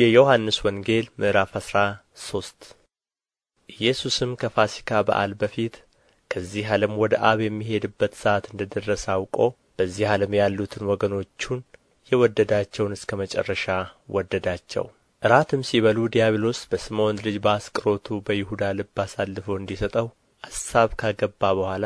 የዮሐንስ ወንጌል ምዕራፍ አስራ ሶስት ኢየሱስም ከፋሲካ በዓል በፊት ከዚህ ዓለም ወደ አብ የሚሄድበት ሰዓት እንደ ደረሰ አውቆ በዚህ ዓለም ያሉትን ወገኖቹን የወደዳቸውን እስከ መጨረሻ ወደዳቸው። እራትም ሲበሉ ዲያብሎስ በስምዖን ልጅ በአስቆሮቱ በይሁዳ ልብ አሳልፎ እንዲሰጠው አሳብ ካገባ በኋላ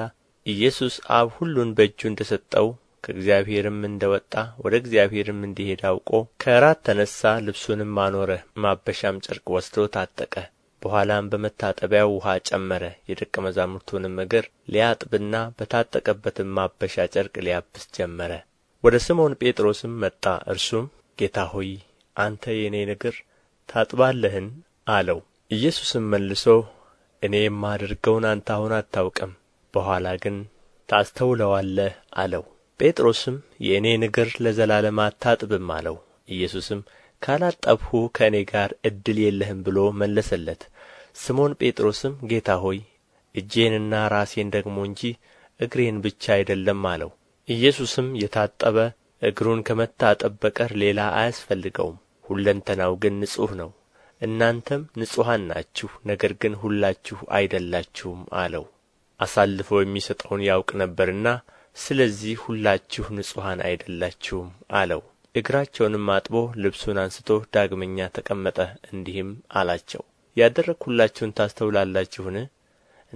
ኢየሱስ አብ ሁሉን በእጁ እንደ ሰጠው ከእግዚአብሔርም እንደ ወጣ ወደ እግዚአብሔርም እንዲሄድ አውቆ ከእራት ተነሣ፣ ልብሱንም አኖረ፣ ማበሻም ጨርቅ ወስዶ ታጠቀ። በኋላም በመታጠቢያው ውኃ ጨመረ፣ የደቀ መዛሙርቱንም እግር ሊያጥብና በታጠቀበትም ማበሻ ጨርቅ ሊያብስ ጀመረ። ወደ ስምዖን ጴጥሮስም መጣ። እርሱም ጌታ ሆይ አንተ የእኔን እግር ታጥባለህን? አለው። ኢየሱስም መልሶ እኔ የማደርገውን አንተ አሁን አታውቅም፣ በኋላ ግን ታስተውለዋለህ አለው። ጴጥሮስም የእኔን እግር ለዘላለም አታጥብም አለው ኢየሱስም ካላጠብሁ ከእኔ ጋር ዕድል የለህም ብሎ መለሰለት ስምዖን ጴጥሮስም ጌታ ሆይ እጄንና ራሴን ደግሞ እንጂ እግሬን ብቻ አይደለም አለው ኢየሱስም የታጠበ እግሩን ከመታጠብ በቀር ሌላ አያስፈልገውም ሁለንተናው ግን ንጹሕ ነው እናንተም ንጹሐን ናችሁ ነገር ግን ሁላችሁ አይደላችሁም አለው አሳልፎ የሚሰጠውን ያውቅ ነበርና ስለዚህ ሁላችሁ ንጹሐን አይደላችሁም አለው። እግራቸውንም አጥቦ ልብሱን አንስቶ ዳግመኛ ተቀመጠ፣ እንዲህም አላቸው ያደረግሁላችሁን ታስተውላላችሁን?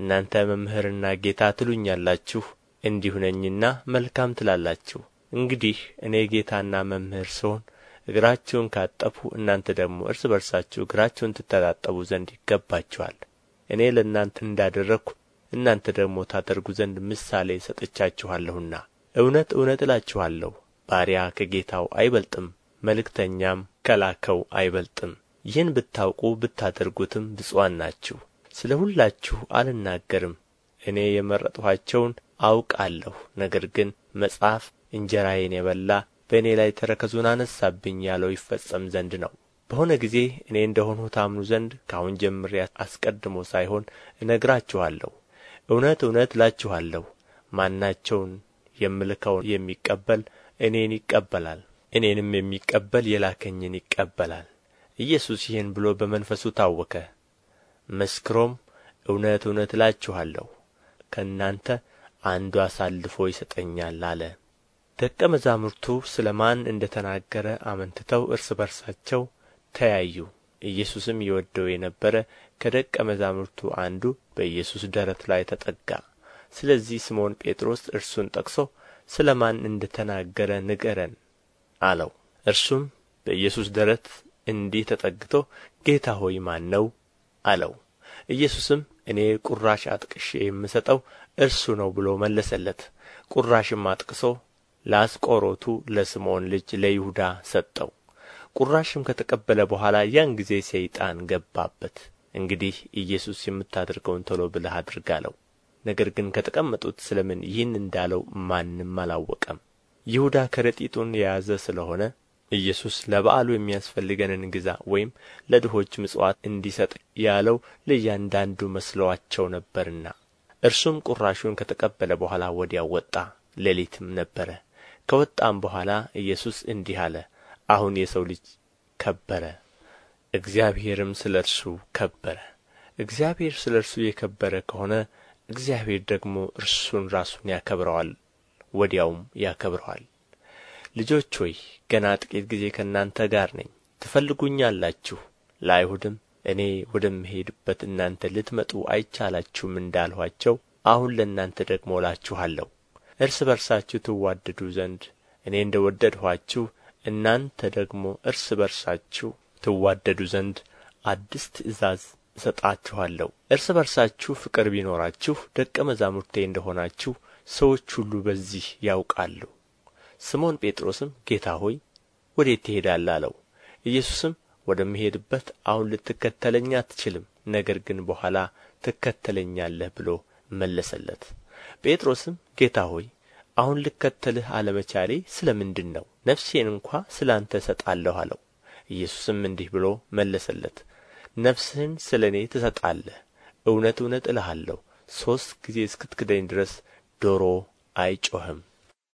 እናንተ መምህርና ጌታ ትሉኛላችሁ፣ እንዲሁ ነኝና መልካም ትላላችሁ። እንግዲህ እኔ ጌታና መምህር ስሆን እግራችሁን ካጠፉ እናንተ ደግሞ እርስ በርሳችሁ እግራችሁን ትተጣጠቡ ዘንድ ይገባችኋል። እኔ ለእናንተ እንዳደረግሁ እናንተ ደግሞ ታደርጉ ዘንድ ምሳሌ ሰጥቻችኋለሁና። እውነት እውነት እላችኋለሁ ባሪያ ከጌታው አይበልጥም፣ መልእክተኛም ከላከው አይበልጥም። ይህን ብታውቁ ብታደርጉትም ብፁዓን ናችሁ። ስለ ሁላችሁ አልናገርም፣ እኔ የመረጥኋቸውን አውቃለሁ። ነገር ግን መጽሐፍ እንጀራዬን የበላ በእኔ ላይ ተረከዙን አነሳብኝ ያለው ይፈጸም ዘንድ ነው። በሆነ ጊዜ እኔ እንደሆንሁ ታምኑ ዘንድ ከአሁን ጀምሬ አስቀድሞ ሳይሆን እነግራችኋለሁ። እውነት እውነት እላችኋለሁ ማናቸውን የምልከውን የሚቀበል እኔን ይቀበላል እኔንም የሚቀበል የላከኝን ይቀበላል ኢየሱስ ይህን ብሎ በመንፈሱ ታወከ መስክሮም እውነት እውነት እላችኋለሁ ከእናንተ አንዱ አሳልፎ ይሰጠኛል አለ ደቀ መዛሙርቱ ስለ ማን እንደ ተናገረ አመንትተው እርስ በርሳቸው ተያዩ ኢየሱስም ይወደው የነበረ ከደቀ መዛሙርቱ አንዱ በኢየሱስ ደረት ላይ ተጠጋ። ስለዚህ ስምዖን ጴጥሮስ እርሱን ጠቅሶ ስለ ማን እንደ ተናገረ ንገረን አለው። እርሱም በኢየሱስ ደረት እንዲህ ተጠግቶ ጌታ ሆይ ማን ነው አለው። ኢየሱስም እኔ ቁራሽ አጥቅሼ የምሰጠው እርሱ ነው ብሎ መለሰለት። ቁራሽም አጥቅሶ ለአስቆሮቱ ለስምዖን ልጅ ለይሁዳ ሰጠው። ቁራሽም ከተቀበለ በኋላ ያን ጊዜ ሰይጣን ገባበት። እንግዲህ ኢየሱስ የምታደርገውን ቶሎ ብለህ አድርግ አለው። ነገር ግን ከተቀመጡት ስለ ምን ይህን እንዳለው ማንም አላወቀም። ይሁዳ ከረጢቱን የያዘ ስለሆነ ኢየሱስ ለበዓሉ የሚያስፈልገንን ግዛ ወይም ለድሆች ምጽዋት እንዲሰጥ ያለው ለእያንዳንዱ መስለዋቸው ነበርና። እርሱም ቁራሹን ከተቀበለ በኋላ ወዲያው ወጣ፣ ሌሊትም ነበረ። ከወጣም በኋላ ኢየሱስ እንዲህ አለ፣ አሁን የሰው ልጅ ከበረ እግዚአብሔርም ስለ እርሱ ከበረ እግዚአብሔር ስለ እርሱ የከበረ ከሆነ እግዚአብሔር ደግሞ እርሱን ራሱን ያከብረዋል ወዲያውም ያከብረዋል ልጆች ሆይ ገና ጥቂት ጊዜ ከእናንተ ጋር ነኝ ትፈልጉኛላችሁ ለአይሁድም እኔ ወደምሄድበት እናንተ ልትመጡ አይቻላችሁም እንዳልኋቸው አሁን ለእናንተ ደግሞ እላችኋለሁ እርስ በርሳችሁ ትዋደዱ ዘንድ እኔ እንደ ወደድኋችሁ እናንተ ደግሞ እርስ በርሳችሁ ትዋደዱ ዘንድ አዲስ ትእዛዝ እሰጣችኋለሁ እርስ በርሳችሁ ፍቅር ቢኖራችሁ ደቀ መዛሙርቴ እንደሆናችሁ ሰዎች ሁሉ በዚህ ያውቃሉ። ስምዖን ጴጥሮስም ጌታ ሆይ ወዴት ትሄዳለህ? አለው። ኢየሱስም ወደምሄድበት አሁን ልትከተለኝ አትችልም፣ ነገር ግን በኋላ ትከተለኛለህ ብሎ መለሰለት። ጴጥሮስም ጌታ ሆይ አሁን ልከተልህ አለመቻሌ ስለ ምንድን ነው? ነፍሴን እንኳ ስለ አንተ እሰጣለሁ አለው። ኢየሱስም እንዲህ ብሎ መለሰለት፣ ነፍስህን ስለ እኔ ትሰጣለህ። እውነት እውነት እልሃለሁ ሦስት ጊዜ እስክትክደኝ ድረስ ዶሮ አይጮህም።